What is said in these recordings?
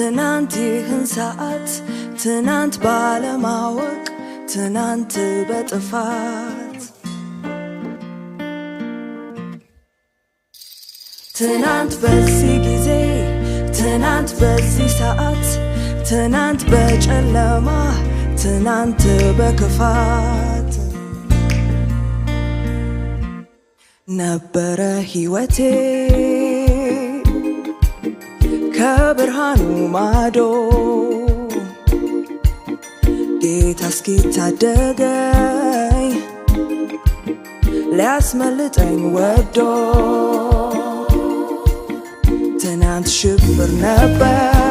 ትናንት ይህን ሰዓት ትናንት ባለማወቅ ትናንት በጥፋት ትናንት በዚህ ጊዜ ትናንት በዚህ ሰዓት ትናንት በጨለማ ትናንት በክፋት ነበረ ሕይወቴ ከብርሃኑ ማዶ ጌታ እስኪታደገኝ ሊያስመልጠኝ ወዶ ትናንት ሽብር ነበር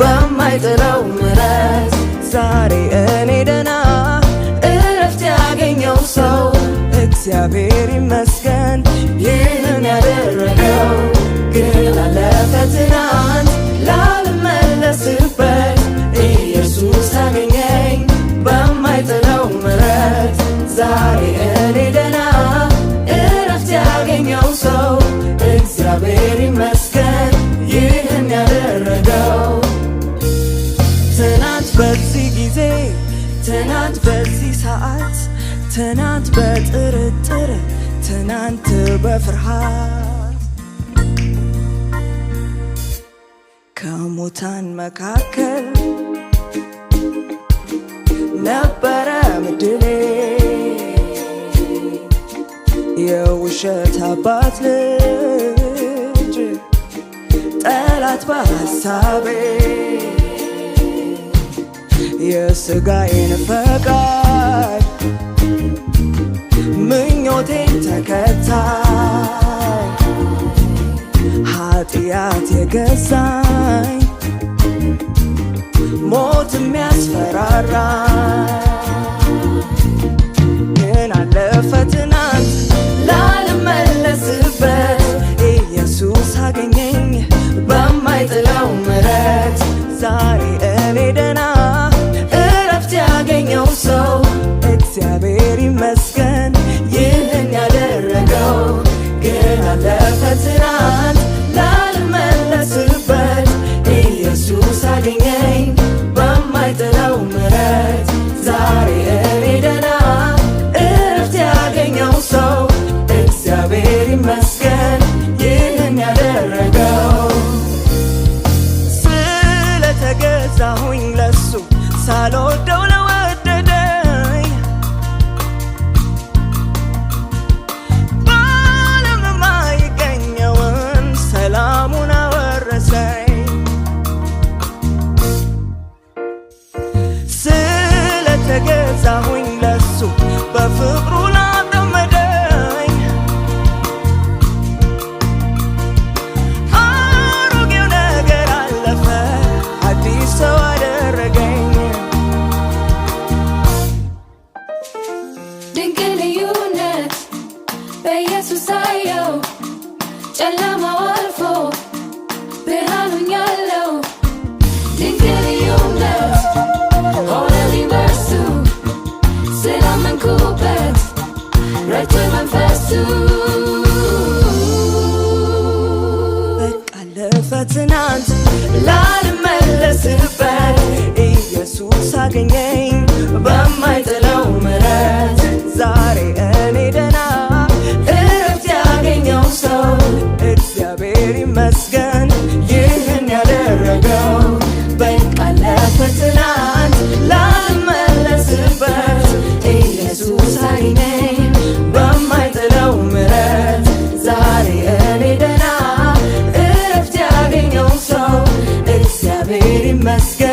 በማይጥለው ምረት ዛሬ እኔ ደና እረፍት ያገኘው ሰው እግዚአብሔር ይመስገን ይህን ያደረገው ግን አለፈ ትናንት ላልመለስበት ኢየሱስ አገኘኝ በማይጥለው ምረት ዛሬ በዚህ ጊዜ ትናንት በዚህ ሰዓት ትናንት በጥርጥር ትናንት በፍርሃት ከሙታን መካከል ነበረ ምድሌ የውሸት አባት ልጅ ጠላት በሐሳቤ የሥጋዬን ፈቃድ ምኞቴን ተከታይ ኃጢአት የገዛኝ ሞት የሚያስፈራራ ግን አለ driving በፍቅሩ ላጠመደኝ አሮጌው ነገር አለፈ፣ አዲስ ሰው አደረገኝ። ድንቅ ልዩነት በኢየሱስ አየው ጨለማዋ ላልመለስበት ኢየሱስ አገኘኝ በማይጥለው ምራ bilmezken